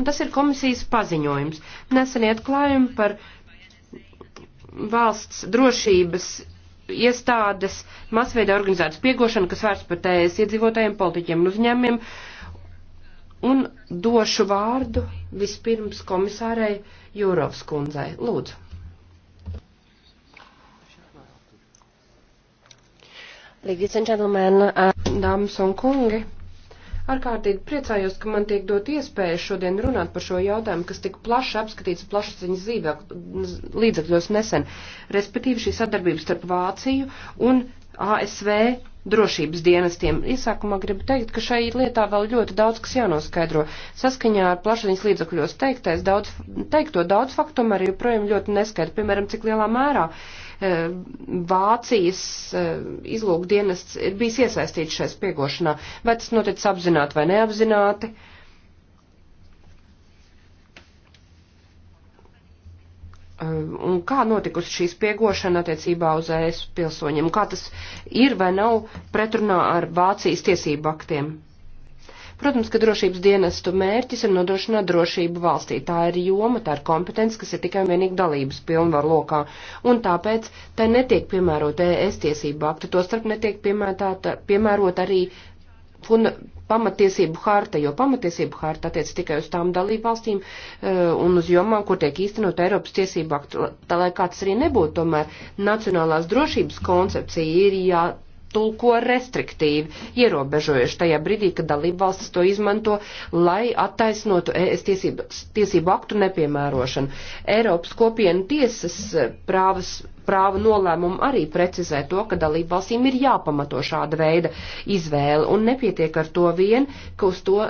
Un tas ir komisijas paziņojums. Nesenie atklājumi par valsts drošības iestādes masveida organizētas piegošanu, kas vērts par tējas iedzīvotājiem, politiķiem un uzņēmiem. Un došu vārdu vispirms komisārei Jūrovs kundzei. Lūdzu. Ladies and gentlemen, uh... dāmas un kungi. Ārkārtīgi priecājos, ka man tiek dot iespēja šodien runāt par šo jautājumu, kas tik plaši apskatīts plašsaziņas līdzekļos nesen, respektīvi šī sadarbības starp Vāciju un ASV drošības dienestiem. Iesākumā gribu teikt, ka šai lietā vēl ļoti daudz kas jānoskaidro. Saskaņā ar plašsaziņas līdzakļos teiktais daudz, teikto daudz faktu tomēr joprojām ļoti neskaidri, piemēram, cik lielā mērā Eh, Vācijas eh, izlūkdienests ir bijis iesaistīts šai spiegošanā. Vai tas notic apzināti vai neapzināti? Eh, un kā notikusi šī spiegošana attiecībā uz ES pilsoņiem? Kā tas ir vai nav pretrunā ar Vācijas tiesību aktiem? Protams, ka drošības dienestu mērķis ir nodrošināt drošību valstī. Tā ir joma, tā ir kompetence, kas ir tikai un vienīgi dalības pilnvaru lokā. Un tāpēc tai netiek piemērota ES tiesību akti, to starp netiek piemērota arī funda, pamatiesību harta, jo pamatiesību harta attiec tikai uz tām dalībvalstīm e, un uz jomām, kur tiek īstenot Eiropas tiesību aktu. Tā lai kāds arī nebūtu, tomēr nacionālās drošības koncepcija ir jā. Ja tulko restriktīvi, ierobežojuši tajā brīdī, kad dalībvalstis to izmanto, lai attaisnotu ES tiesību, tiesību aktu nepiemērošanu. Eiropas kopienu tiesas eh, prāvas, prāva nolēmumu arī precizē to, ka dalībvalstīm ir jāpamato šāda veida izvēle un nepietiek ar to vien, ka uz to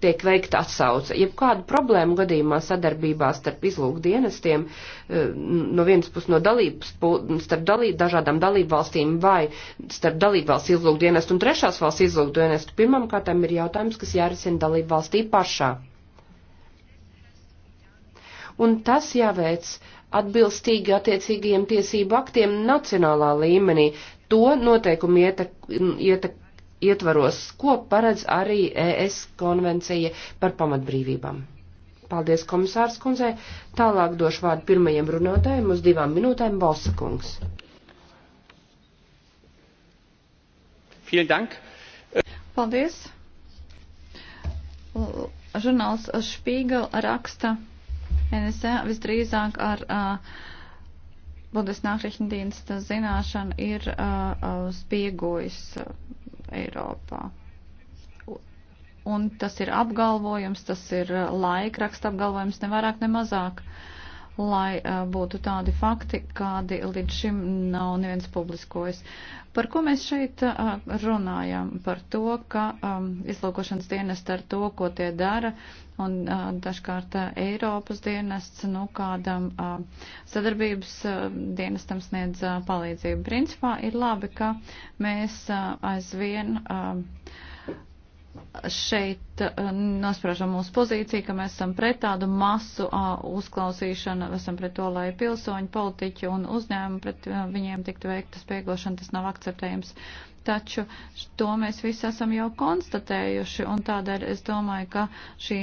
tiek veikta atsauce. Ja kādu problēmu gadījumā sadarbībā starp izlūku dienestiem, eh, no vienas puses no dalības, starp dalību, dažādām dalību valstīm vai starp dalību valsts izlūku dienestu un trešās valsts izlūku dienestu, pirmam kārtām ir jautājums, kas jārisina dalību valstī pašā. Un tas jāveic atbilstīgi attiecīgajiem tiesību aktiem nacionālā līmenī. To noteikumu ietek, ietek, ietvaros, ko paredz arī ES konvencija par pamatbrīvībām. Paldies komisārs kundzei. Tālāk došu vārdu pirmajam runātājiem uz divām minūtēm Balsa kungs. Paldies. Žurnāls Špīgel raksta NSA visdrīzāk ar uh, Bundesnachrichtendiensta zināšanu ir uh, spiegojis. Uh, Eiropā. Un tas ir apgalvojums, tas ir uh, laikraksta apgalvojums, ne vairāk, ne mazāk. Uh, lai uh, būtu tādi fakti, kādi līdz šim nav neviens publiskojis. Par ko mēs šeit uh, runājam? Par to, ka um, izlūkošanas dienesta ar to, ko tie dara, un uh, dažkārt uh, Eiropas dienests, nu, kādam uh, sadarbības uh, dienestam sniedz uh, palīdzību. Principā ir labi, ka mēs uh, aizvien. Uh, šeit eh, nosprāžam mūsu pozīciju, ka mēs esam pret tādu masu uzklausīšanu, esam pret to, lai pilsoņi, politiķi un uzņēmumi pret eh, viņiem tiktu veikta spiegošana, tas nav akceptējams. Taču to mēs visi esam jau konstatējuši, un tādēļ es domāju, ka šī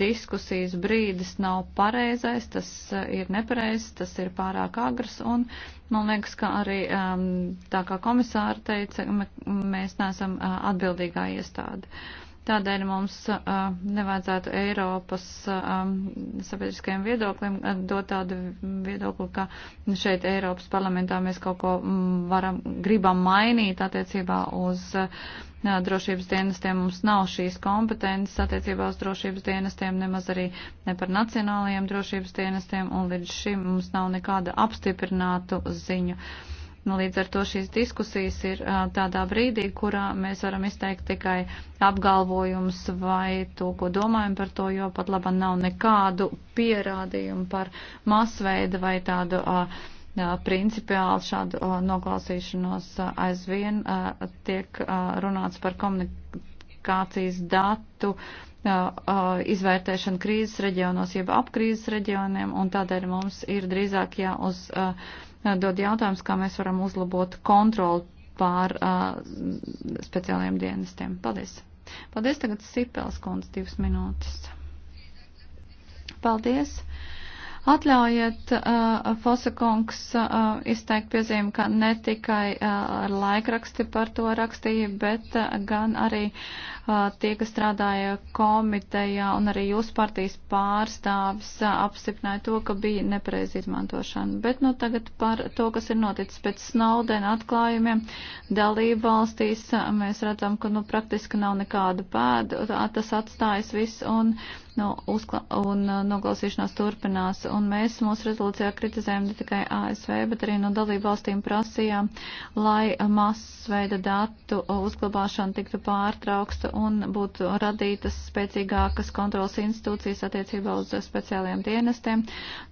diskusijas brīdis nav pareizais, tas eh, ir nepareizs, tas ir pārāk agrs, un man liekas, ka arī ehm, tā kā komisāra teica, mēs neesam atbildīgā iestāde. Uh, Tādēļ mums uh, nevajadzētu Eiropas uh, sabiedriskajiem viedoklim dot tādu viedokli, ka šeit Eiropas parlamentā mēs kaut ko varam, gribam mainīt attiecībā uz uh, drošības dienestiem. Mums nav šīs kompetences attiecībā uz drošības dienestiem, nemaz arī ne par nacionālajiem drošības dienestiem, un līdz šim mums nav nekāda apstiprinātu ziņu. Uh, Nu, līdz ar to šīs diskusijas ir tādā brīdī, kurā mēs varam izteikt tikai apgalvojums vai to, ko domājam par to, jo pat laba nav nekādu pierādījumu par masveida vai tādu principiāli šādu noklausīšanos aizvien tiek runāts par komunikācijas datu izvērtēšanu krīzes reģionos, jeb apkrīzes reģioniem, un tādēļ mums ir drīzāk jāuz. Uh, dod jautājums, kā mēs varam uzlabot kontroli pār uh, speciālajiem dienestiem. Paldies! Paldies tagad Sipels kundze divas minūtes. Paldies! Atļaujiet, uh, Fosakungs, uh, izteikt piezīmi, ka ne tikai uh, laikraksti par to rakstīja, bet uh, gan arī uh, tie, kas strādāja komitejā un arī jūs partijas pārstāvis uh, apstiprināja to, ka bija nepareiz izmantošana. Bet nu tagad par to, kas ir noticis pēc Snowdena atklājumiem dalību valstīs, uh, mēs redzam, ka nu praktiski nav nekādu pēdu, tas atstājas viss un no uzkla un uh, noklausīšanās turpinās. Un mēs mūsu rezolūcijā kritizējam ne tikai ASV, bet arī no dalību valstīm prasījām, lai masveida datu uzglabāšana tiktu pārtrauksta un būtu radītas spēcīgākas kontrolas institūcijas attiecībā uz speciālajiem dienestiem.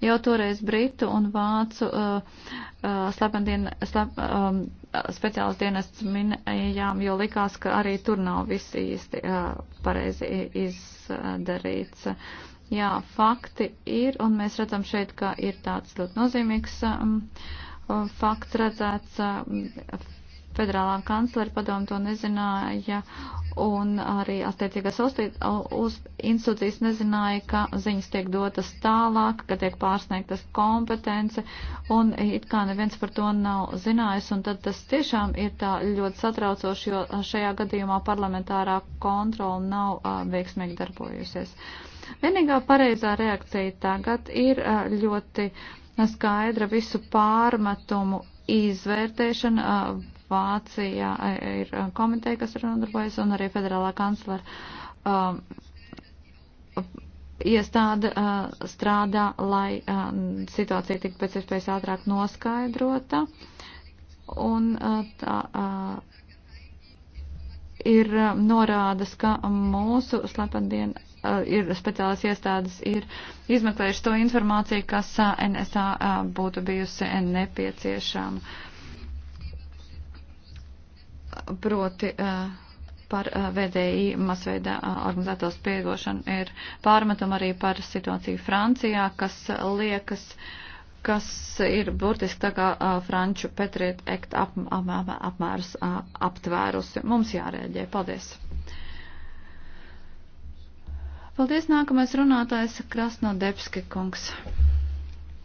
Jau toreiz Britu un Vācu uh, uh, slependien, slep, um, speciālas dienests minējām, jo likās, ka arī tur nav viss īsti uh, pareizi iz Uh, darīts. Jā, fakti ir, un mēs redzam šeit, ka ir tāds ļoti nozīmīgs um, uh, fakts redzēts. Uh, Federālā kanclera padoma to nezināja, un arī attiecīgās uz institūcijas nezināja, ka ziņas tiek dotas tālāk, ka tiek pārsniegtas kompetence, un it kā neviens par to nav zinājis, un tad tas tiešām ir tā ļoti satraucoši, jo šajā gadījumā parlamentārā kontrola nav uh, veiksmīgi darbojusies. Vienīgā pareizā reakcija tagad ir uh, ļoti skaidra visu pārmetumu izvērtēšana. Uh, Vācijā e, ir e, komiteja, kas ir nodarbojas, un arī federālā kanclera um, iestāde uh, strādā, lai uh, situācija tik pēc iespējas ātrāk noskaidrota. Un uh, tā uh, ir uh, norādes, ka mūsu slependiena uh, ir speciālās iestādes ir izmeklējuši to informāciju, kas uh, NSA uh, būtu bijusi nepieciešama. Uh, proti eh, par eh, VDI masveidā eh, organizēto spiegošanu ir pārmetuma arī par situāciju Francijā, kas liekas, kas ir burtiski tā kā Franču Petriet Ekt ap, ap, ap, apmērus aptvērusi. Mums jārēģē. Paldies! Paldies, nākamais runātājs Krasno Debski kungs.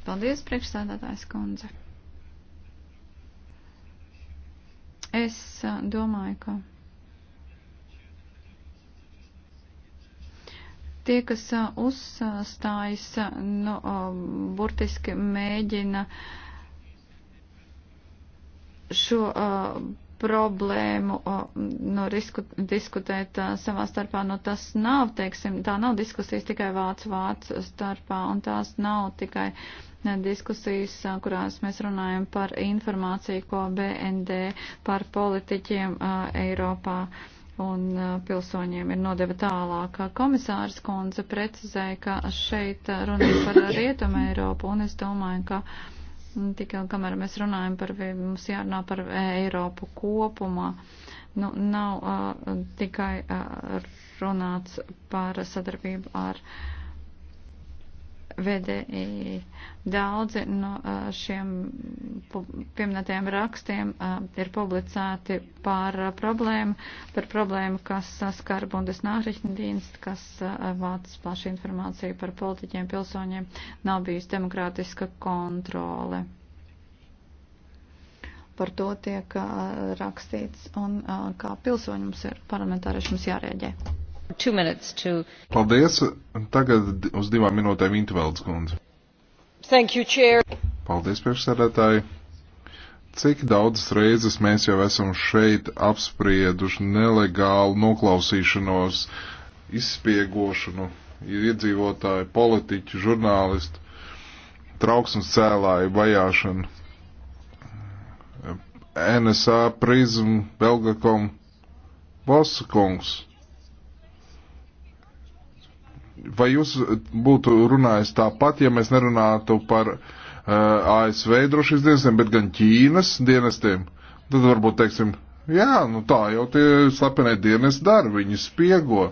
Paldies, priekšsēdētājs kundze. Es domāju, ka tie, kas uzstājas, nu, burtiski mēģina šo problēmu no risku, diskutēt savā starpā, no tas nav, teiksim, tā nav diskusijas tikai vācu vācu starpā, un tās nav tikai diskusijas, kurās mēs runājam par informāciju, ko BND par politiķiem Eiropā un pilsoņiem ir nodeva tālāk. Komisārs Konze precizēja, ka šeit runa ir par Rietumu Eiropu, un es domāju, ka Tikai kamēr mēs runājam par, mums jārunā par e, Eiropu kopumā, nu, nav uh, tikai uh, runāts par sadarbību ar. Uh, VDI. Daudzi no šiem pieminētajiem rakstiem ir publicēti par problēmu, par problēmu, kas skar Bundesnāriņdienas, kas vāc plašu informāciju par politiķiem, pilsoņiem, nav bijusi demokrātiska kontrole. Par to tiek rakstīts un kā pilsoņums ir parlamentāriešums jārēģē. To... Paldies. Tagad uz divām minūtēm Intvelds kundze. Thank you, chair. Paldies, priekšsēdētāji. Cik daudzas reizes mēs jau esam šeit apsprieduši nelegālu noklausīšanos, izspiegošanu, iedzīvotāju, politiķu, žurnālistu, trauksmes cēlāju vajāšanu. NSA, Prism, Belgakom, Bosakungs vai jūs būtu runājis tāpat, ja mēs nerunātu par uh, eh, ASV drošības dienestiem, bet gan Ķīnas dienestiem? Tad varbūt teiksim, jā, nu tā jau tie slepenie dienesti dara, viņi spiego.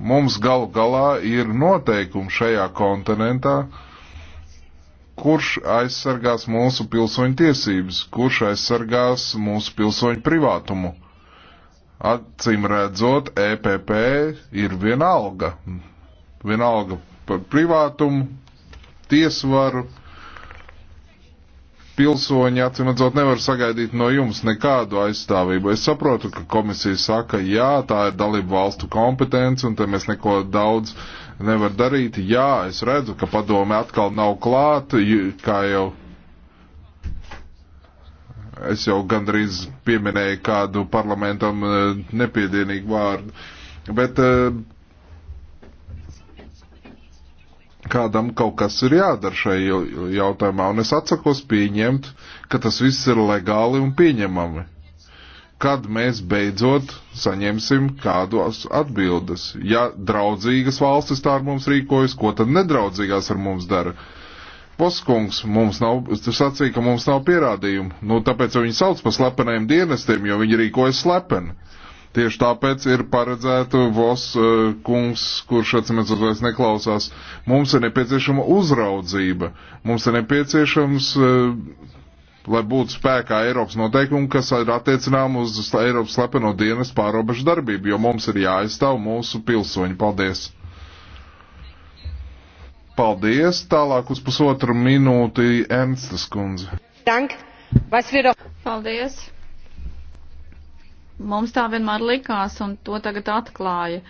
Mums galu galā ir noteikumi šajā kontinentā, kurš aizsargās mūsu pilsoņu tiesības, kurš aizsargās mūsu pilsoņu privātumu Acīm redzot, EPP ir vienalga. Vienalga par privātumu, tiesvaru. Pilsoņi, acīm redzot, nevar sagaidīt no jums nekādu aizstāvību. Es saprotu, ka komisija saka, jā, tā ir dalību valstu kompetence, un te mēs neko daudz nevar darīt. Jā, es redzu, ka padome atkal nav klāta, kā jau Es jau gandrīz pieminēju kādu parlamentam e, nepiedienīgu vārdu. Bet e, kādam kaut kas ir jādara šai jautājumā, un es atsakos pieņemt, ka tas viss ir legāli un pieņemami. Kad mēs beidzot saņemsim kādos atbildes? Ja draudzīgas valstis tā ar mums rīkojas, ko tad nedraudzīgās ar mums dara? Uh, Poskungs mums nav, sacīja, ka mums nav pierādījumu. Nu, tāpēc viņi sauc par slepeniem dienestiem, jo viņi rīkojas slepeni. Tieši tāpēc ir paredzēta Vos uh, kungs, kurš atcīmēts vairs neklausās. Mums ir nepieciešama uzraudzība. Mums ir nepieciešams, uh, lai būtu spēkā Eiropas noteikumi, kas ir attiecinām uz Eiropas slepeno dienas pārobežu darbību, jo mums ir jāaizstāv mūsu pilsoņi. Paldies! Paldies! Tālāk uz pusotru minūti Ernstas kundze. Dank! Paldies! Mums tā vienmēr likās, un to tagad atklāja.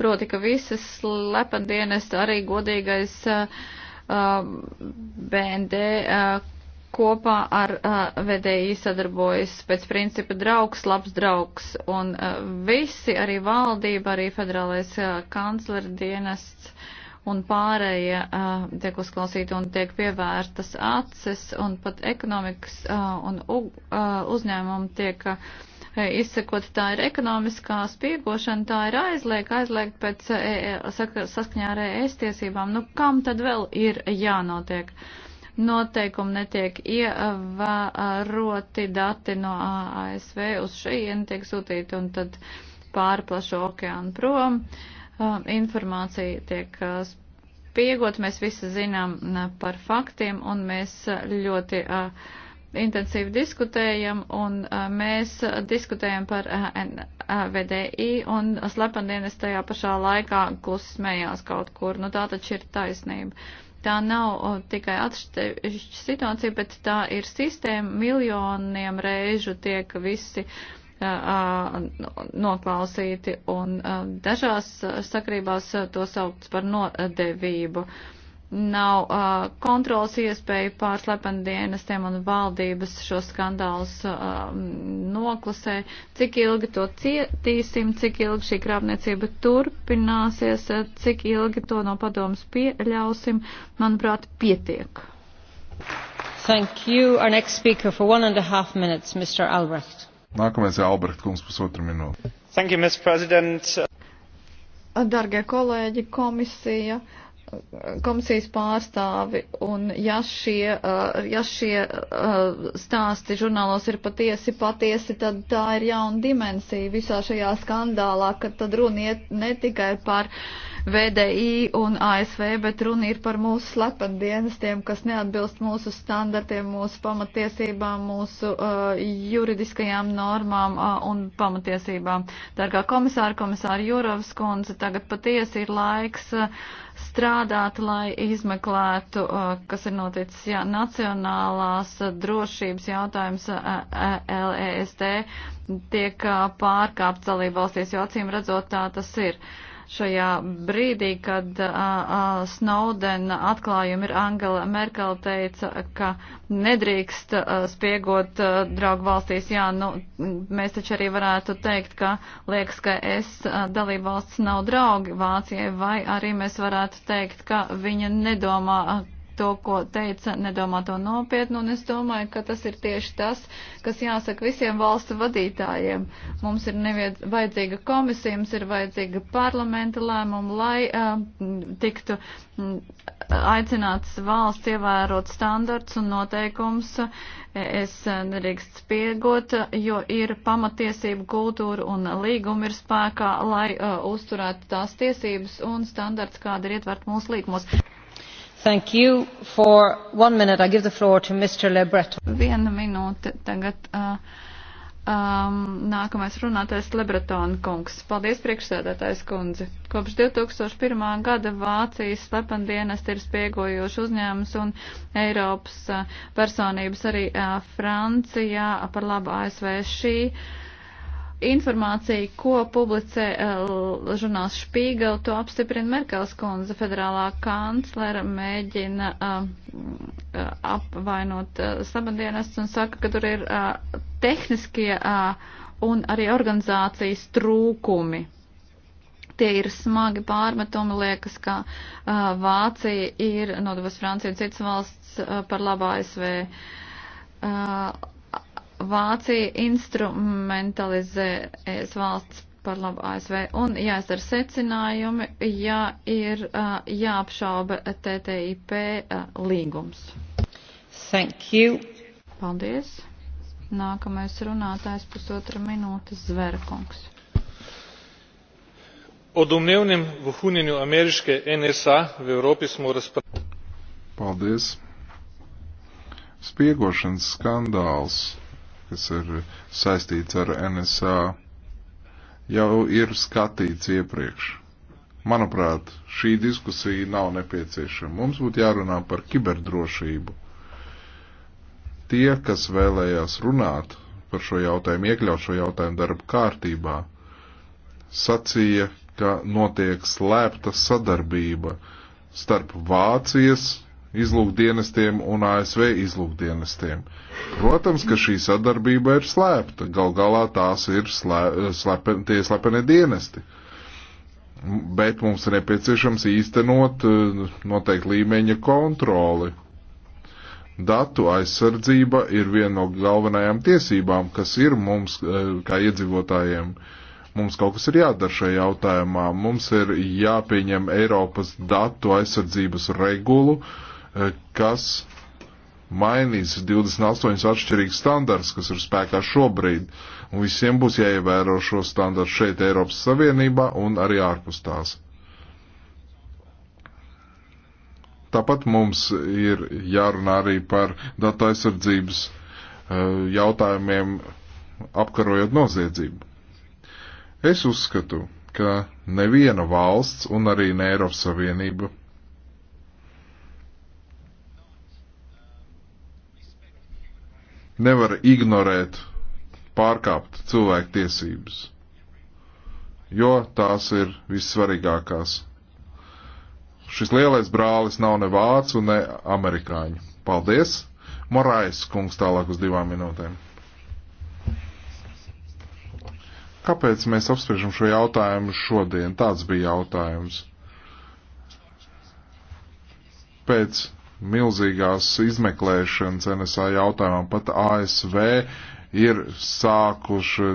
Proti, ka visas slependienas, arī godīgais uh, eh, eh, BND uh, eh, kopā ar uh, VDI sadarbojas pēc principa draugs, labs draugs. Un uh, visi, arī valdība, arī federālais uh, kanclera dienests, uh, un pārējie uh, tiek uzklausīti un tiek pievērtas acis, un pat ekonomikas uh, un uh, uzņēmumi tiek uh, izsekot, tā ir ekonomiskā spiegošana, tā ir aizliek, aizliek pēc uh, saskaņā ar ES tiesībām. Nu, kam tad vēl ir jānotiek? Noteikumi netiek ievēroti, dati no ASV uz šejienu tiek sūtīti un tad pārplašo okeānu prom. Uh, informācija tiek spiegot, mēs visi zinām par faktiem un mēs ļoti intensīvi diskutējam un mēs diskutējam par VDI un slependienes tajā pašā laikā klusi smējās kaut kur. Nu tā taču ir taisnība. Tā nav tikai atsevišķa situācija, bet tā ir sistēma, miljoniem reižu tiek visi uh, noklausīti, un dažās sakrībās to sauc par nodevību. Nav uh, kontrols iespēja pār slepeni dienestiem un valdības šo skandālus uh, noklusē. Cik ilgi to cietīsim, cik ilgi šī krāpniecība turpināsies, cik ilgi to no padomas pieļausim, manuprāt, pietiek. Thank you. Our next speaker for one and a half minutes, Mr. Albrecht Nākamais ir Albrecht kungs pusotru minūti. Thank you, Mr. President. Dargie kolēģi, komisija komisijas pārstāvi, un ja šie, ja šie stāsti žurnālos ir patiesi, patiesi, tad tā ir jauna dimensija visā šajā skandālā, ka tad runa iet ne tikai par uh, VDI un ASV, bet runa ir par mūsu slepen dienestiem, kas neatbilst mūsu standartiem, mūsu pamatiesībām, mūsu uh, juridiskajām normām uh, un pamatiesībām. Dargā komisāra, komisāra Jurovs kundze, tagad patiesi ir laiks. Uh, strādāt, lai izmeklētu, uh, kas ir noticis, jā, nacionālās uh, drošības jautājums uh, LESD tiek pārkāpts dalībvalstīs, jo acīm redzot tā tas ir. Uh, šajā brīdī, kad uh, uh, Snowdena atklājumi ir Angela Merkel teica, ka nedrīkst uh, spiegot uh, draugu valstīs. Jā, nu, mēs taču arī varētu teikt, ka liekas, ka es uh, dalību valsts nav draugi Vācijai, vai arī mēs varētu teikt, ka viņa nedomā, to, ko teica, nedomā to nopietnu, un es domāju, ka tas ir tieši tas, kas jāsaka visiem valstu vadītājiem. Mums ir nevied, vajadzīga komisija, mums ir vajadzīga parlamenta lēmuma, lai uh, tiktu aicināts valsts ievērot standarts un noteikums. Es nedrīkst spiegot, jo ir pamatiesību kultūra un līguma ir spēkā, lai uh, uzturētu tās tiesības un standarts, kāda ir ietvert mūsu līgumos. Viena minūte tagad. Uh, Um, nākamais runātais Lebretona kungs. Paldies, priekšsēdētājs kundze. Kopš 2001. gada Vācijas slependienas ir spiegojoši uzņēmums un Eiropas uh, personības arī uh, Francijā par labu ASV šī. Uh, informācija, ko publicē uh, žurnāls Špīgel, to apstiprina Merkels kundze, federālā kanclera mēģina uh, apvainot uh, eh, sabandienas un saka, ka tur ir uh, tehniskie uh, un arī organizācijas trūkumi. Tie ir smagi pārmetumi, liekas, ka uh, Vācija ir nodevis Franciju un citas valsts uh, par labu ASV. Uh, Vācija instrumentalizēs valsts par labu ASV un jāizdara secinājumi, ja ir jāapšauba TTIP līgums. Thank you. Paldies. Nākamais runātājs pusotra minūtes Zverkungs. O domnevnem vohunjenju ameriške NSA v Evropi smo razpravljali. Paldies. Spiegošanas skandāls kas ir saistīts ar NSA, jau ir skatīts iepriekš. Manuprāt, šī diskusija nav nepieciešama. Mums būtu jārunā par kiberdrošību. Tie, kas vēlējās runāt par šo jautājumu, iekļaut šo jautājumu darba kārtībā, sacīja, ka notiek slēpta sadarbība starp Vācijas izlūkdienestiem un ASV izlūkdienestiem. Protams, ka šī sadarbība ir slēpta. Gal galā tās ir slē, slepen, tie slepeni dienesti. Bet mums ir nepieciešams īstenot eh, noteikti līmeņa kontroli. Datu aizsardzība ir viena no galvenajām tiesībām, kas ir mums eh, kā iedzīvotājiem. Mums kaut kas ir jādara šajā jautājumā. Mums ir jāpieņem Eiropas datu aizsardzības regulu, uh, Eh, kas mainīs 28 atšķirīgas standarts, kas ir spēkā šobrīd, un visiem būs jāievēro šo standartu šeit Eiropas Savienībā un arī ārpus tās. Tāpat mums ir jārunā arī par datu aizsardzības eh, jautājumiem apkarojot noziedzību. Es uzskatu, ka neviena valsts un arī ne Eiropas Savienība nevar ignorēt, pārkāpt cilvēku tiesības, jo tās ir vissvarīgākās. Šis lielais brālis nav ne vācu, ne amerikāņu. Paldies! Morais kungs tālāk uz divām minūtēm. Kāpēc mēs apspriežam šo jautājumu šodien? Tāds bija jautājums. Pēc milzīgās izmeklēšanas NSA jautājumā. Pat ASV ir sākuši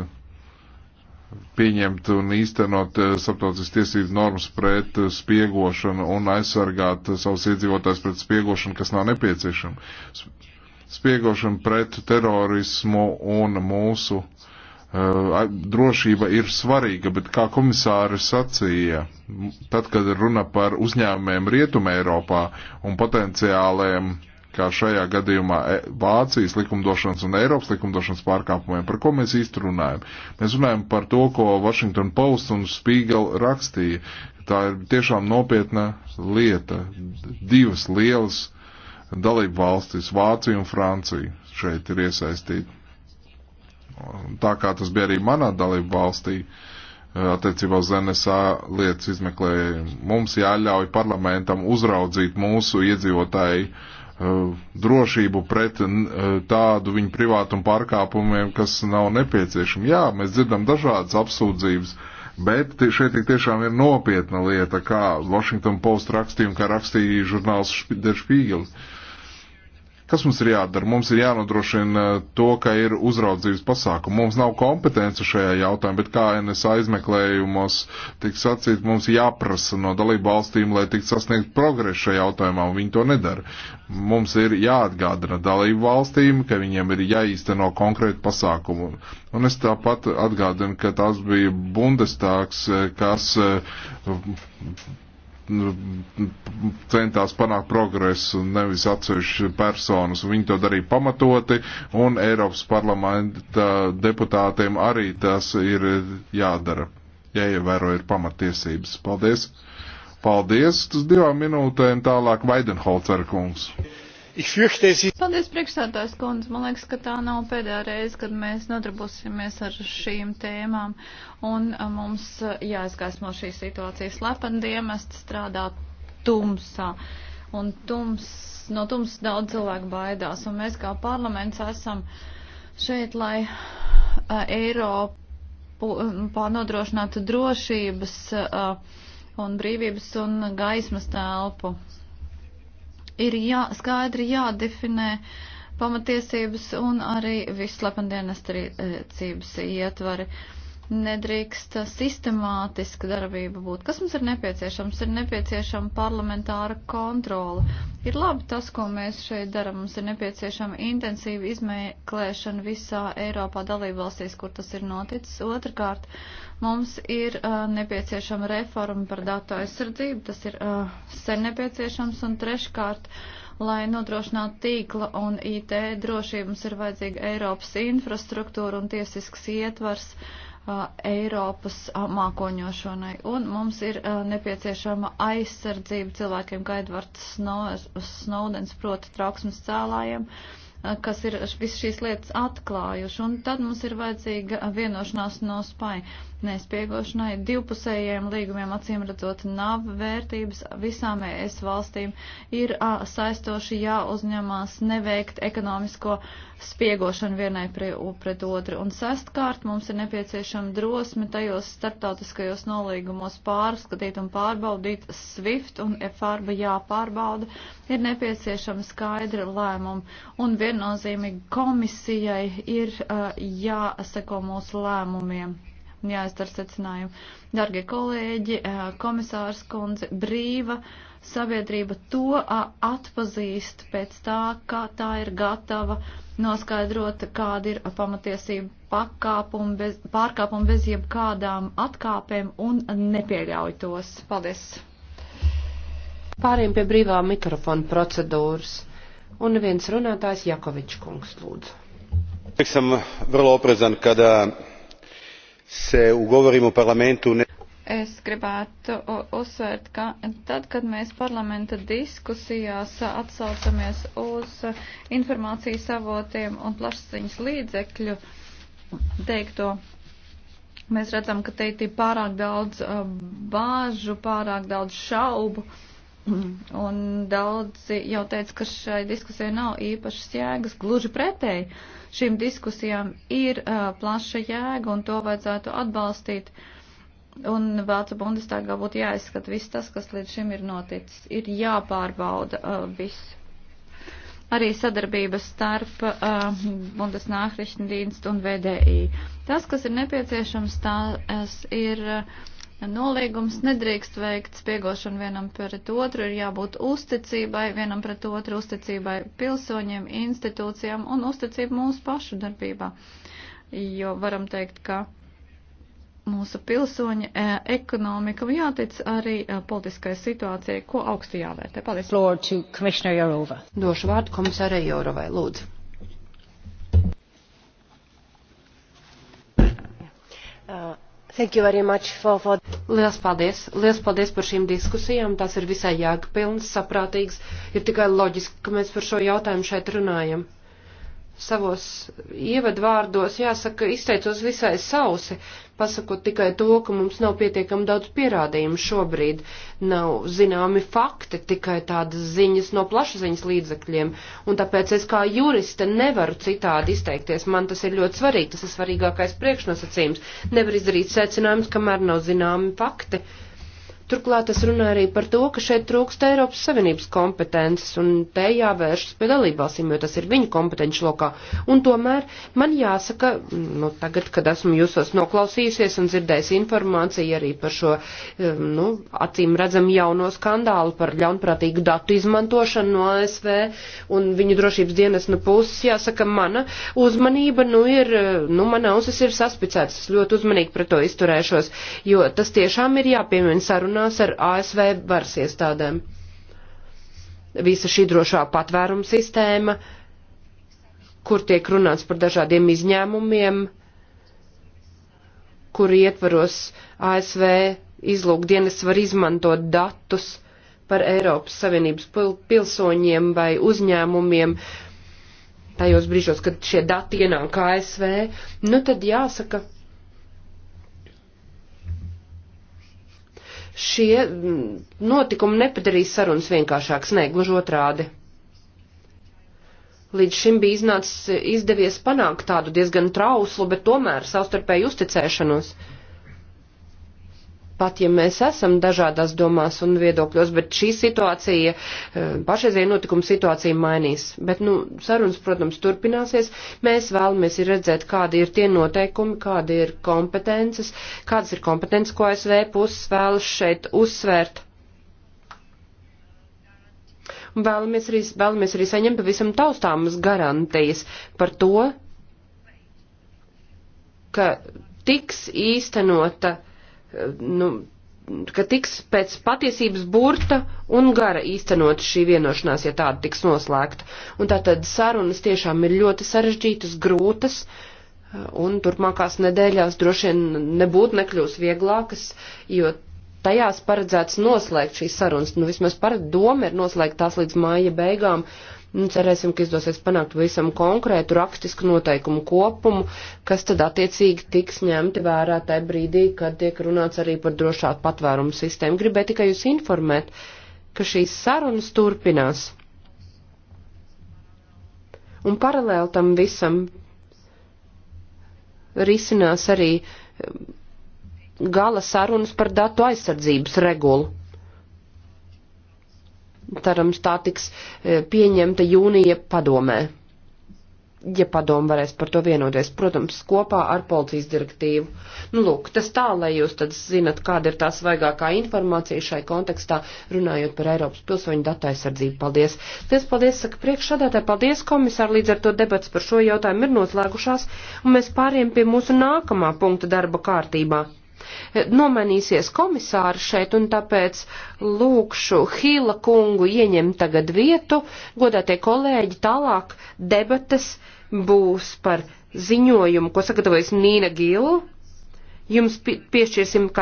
pieņemt un īstenot eh, starptautiskas tiesības normas pret eh, spiegošanu un aizsargāt savus iedzīvotājus pret spiegošanu, kas nav nepieciešama. Spiegošana pret terorismu un mūsu Uh, drošība ir svarīga, bet kā komisāri sacīja, tad, kad runa par uzņēmumiem Rietumē Eiropā un potenciāliem, kā šajā gadījumā e, Vācijas likumdošanas un Eiropas likumdošanas pārkāpumiem, par ko mēs īsti runājam? Mēs runājam par to, ko Washington Post un Spiegel rakstīja. Tā ir tiešām nopietna lieta. Divas lielas dalību valstis, Vācija un Francija, šeit ir iesaistīta tā kā tas bija arī manā dalību valstī, eh, attiecībā uz NSA lietas izmeklējumu. Mums jāļauj parlamentam uzraudzīt mūsu iedzīvotāju eh, drošību pret eh, tādu viņu privātumu pārkāpumiem, kas nav nepieciešami. Jā, mēs dzirdam dažādas apsūdzības, bet šeit tik tiešām ir nopietna lieta, kā Washington Post rakstīja un kā rakstīja žurnāls Der Spiegel. Uh, Kas mums ir jādara? Mums ir jānodrošina uh, to, ka ir uzraudzības pasākumi. Mums nav kompetence šajā jautājumā, bet kā NSA aizmeklējumos tik sacīt, mums jāprasa no dalību valstīm, lai tik sasniegt progresu šajā jautājumā, un viņi to nedara. Mums ir jāatgādina dalību valstīm, ka viņiem ir jāīsteno konkrēti pasākumi. Un es tāpat atgādinu, ka tas bija Bundestāgs, uh, kas uh, centās panākt progresu, nevis atsevišķi personas. Viņi to darīja pamatoti, un Eiropas parlamenta deputātiem arī tas ir jādara, ja ievēro ir pamatiesības. Paldies! Paldies! Tas divām minūtēm tālāk Vaidenholzer kungs. Paldies, priekšstādājs kundze. Man liekas, ka tā nav pēdējā reize, kad mēs nodarbosimies ar šīm tēmām. Un uh, mums uh, jāizgaismo šī situācija. Slepen dienest strādā tumsā. Un tums, no tums daudz cilvēku baidās. Un mēs kā parlaments esam šeit, lai uh, Eiropu um, nodrošinātu drošības un brīvības un gaismas telpu ir jā, skaidri jādefinē pamatiesības un arī viss lependienas rīcības ietvari. Uh, nedrīkst sistemātiska darbība būt. Kas mums ir nepieciešams? Ir nepieciešama parlamentāra kontrola. Ir labi tas, ko mēs šeit darām. Mums ir nepieciešama intensīva izmeklēšana visā Eiropā dalībvalstīs, kur tas ir noticis. Otrakārt, mums ir uh, nepieciešama reforma par datu aizsardzību. Tas ir uh, sen nepieciešams. Un treškārt, lai nodrošinātu tīkla un IT drošību, mums ir vajadzīga Eiropas infrastruktūra un tiesisks ietvars. Uh, Eiropas mākoņošanai, un mums ir nepieciešama aizsardzība cilvēkiem, kā Edvards Snowdens, proti trauksmes cēlājiem, kas ir visu šīs lietas atklājuši, un tad mums ir vajadzīga vienošanās no spaiņa nespiegošanai. Divpusējiem līgumiem acīm redzot nav vērtības. Visām ES valstīm ir a, saistoši jāuzņemās neveikt ekonomisko spiegošanu vienai pre, pret otru. Un sestkārt mums ir nepieciešama drosme tajos starptautiskajos nolīgumos pārskatīt un pārbaudīt SWIFT un FARBA jāpārbauda. Ir nepieciešama skaidra lēmuma un viennozīmīgi komisijai ir a, jāseko mūsu lēmumiem jāizdara secinājumi. Dargie kolēģi, eh, komisārs kundze, brīva sabiedrība to atpazīst pēc tā, ka tā ir gatava noskaidrot, kāda ir pamatiesība bez, pārkāpuma bez jebkādām atkāpēm un nepieļauj tos. Paldies! Pāriem pie brīvā mikrofona procedūras. Un viens runātājs Jakovičs kungs lūdzu. Esam vrlo oprezan, kada se u govorima u parlamentu ne. Es gribētu uzsvērt, ka tad, kad mēs parlamenta diskusijās atsaucamies uz informācijas avotiem un plašsaziņas līdzekļu teikto, mēs redzam, ka te ir pārāk daudz um, bāžu, pārāk daudz šaubu. Uh, Un daudzi jau teica, ka šai diskusijai nav īpašas jēgas, gluži pretēji. Šīm diskusijām ir uh, plaša jēga un to vajadzētu atbalstīt. Un Vācu bundestāgā būtu jāizskata viss tas, kas līdz šim ir noticis. Ir jāpārbauda uh, viss. Arī sadarbība starp uh, Bundesnāhrišņu dienstu un VDI. Tas, kas ir nepieciešams, tas ir. Uh, nolīgums nedrīkst veikt spiegošanu vienam pret otru, ir jābūt uzticībai vienam pret otru, uzticībai pilsoņiem, institūcijām un uzticību mūsu pašu darbībā. Jo varam teikt, ka mūsu pilsoņa e, ekonomika jātic arī e, politiskai situācijai, ko augstu jāvērtē. Paldies. Došu vārdu komisārai Jourovai, lūdzu. For, for... Lielas paldies! Lielas paldies par šīm diskusijām. Tās ir visai jēgpilnas, saprātīgas. Ir tikai loģiski, ka mēs par šo jautājumu šeit runājam savos ievadvārdos, jāsaka, izteicos visai sausi, pasakot tikai to, ka mums nav pietiekami daudz pierādījumu šobrīd, nav zināmi fakti, tikai tādas ziņas no plašsaziņas līdzekļiem, un tāpēc es kā juriste nevaru citādi izteikties, man tas ir ļoti svarīgi, tas ir svarīgākais priekšnosacījums, nevar izdarīt secinājums, kamēr nav zināmi fakti. Uh, Turklāt es runāju arī par to, ka šeit trūkst Eiropas Savienības kompetences un te jāvēršas pie dalībvalstīm, jo tas ir viņu kompetenci lokā. Un tomēr man jāsaka, nu tagad, kad esmu jūsos noklausījusies un dzirdējis informāciju arī par šo, eh, nu, acīm redzam jauno skandālu par ļaunprātīgu datu izmantošanu no ASV un viņu drošības dienas no puses, jāsaka, mana uzmanība, nu, ir, eh, nu, mana ausis ir saspicētas. Es ļoti uzmanīgi pret to izturēšos, jo tas tiešām ir jāpiemina sarunā sarunās ar ASV varas iestādēm. Visa šī drošā patvēruma sistēma, kur tiek runāts par dažādiem izņēmumiem, kur ietvaros ASV izlūkdienas var izmantot datus par Eiropas Savienības pilsoņiem vai uzņēmumiem, tajos brīžos, kad šie dati ienāk ASV, nu tad jāsaka, šie mm, notikumi nepadarīs sarunas vienkāršākas, nē, gluži otrādi. Līdz šim bija iznācis, izdevies panākt tādu diezgan trauslu, bet tomēr savstarpēju uzticēšanos. Uh, pat ja mēs esam dažādās domās un viedokļos, bet šī situācija, eh, pašreizēja notikuma situācija mainīs. Bet, nu, sarunas, protams, turpināsies. Mēs vēlamies redzēt, kādi ir tie noteikumi, kādi ir kompetences, kādas ir kompetences, ko ASV puses vēlas šeit uzsvērt. Un vēlamies arī, vēlamies arī saņemt pavisam taustāmas garantijas par to, ka tiks īstenota uh, nu, ka tiks pēc patiesības burta un gara īstenot šī vienošanās, ja tāda tiks noslēgta. Un tātad sarunas tiešām ir ļoti sarežģītas, grūtas, un turpmākās nedēļās droši vien nebūtu nekļūs vieglākas, jo tajās paredzēts noslēgt šīs sarunas. Nu, vismaz par doma ir noslēgt tās līdz māja beigām, Un nu, cerēsim, ka izdosies panākt visam konkrētu rakstisku noteikumu kopumu, kas tad attiecīgi tiks ņemti vērā tajā brīdī, kad tiek runāts arī par drošā patvērumu sistēmu. Gribēju tikai jūs informēt, ka šīs sarunas turpinās. Un paralēli tam visam risinās arī gala sarunas par datu aizsardzības regulu Cerams, tā tiks e, pieņemta jūnija padomē. Ja padomu varēs par to vienoties, protams, kopā ar policijas direktīvu. Nu, lūk, tas tā, lai jūs tad zinat, kāda ir tā svaigākā informācija šai kontekstā, runājot par Eiropas pilsoņu datu aizsardzību. Paldies! Lies paldies, saka priekšsādātāji, paldies komisāri, līdz ar to debats par šo jautājumu ir noslēgušās, un mēs pāriem pie mūsu nākamā punkta darba kārtībā. Nomainīsies komisāri šeit, un tāpēc lūkšu Hīla kungu ieņemt tagad vietu. Godātie kolēģi, tālāk debates būs par ziņojumu, ko sagatavojas Nīna Gila. Jums piešķirsim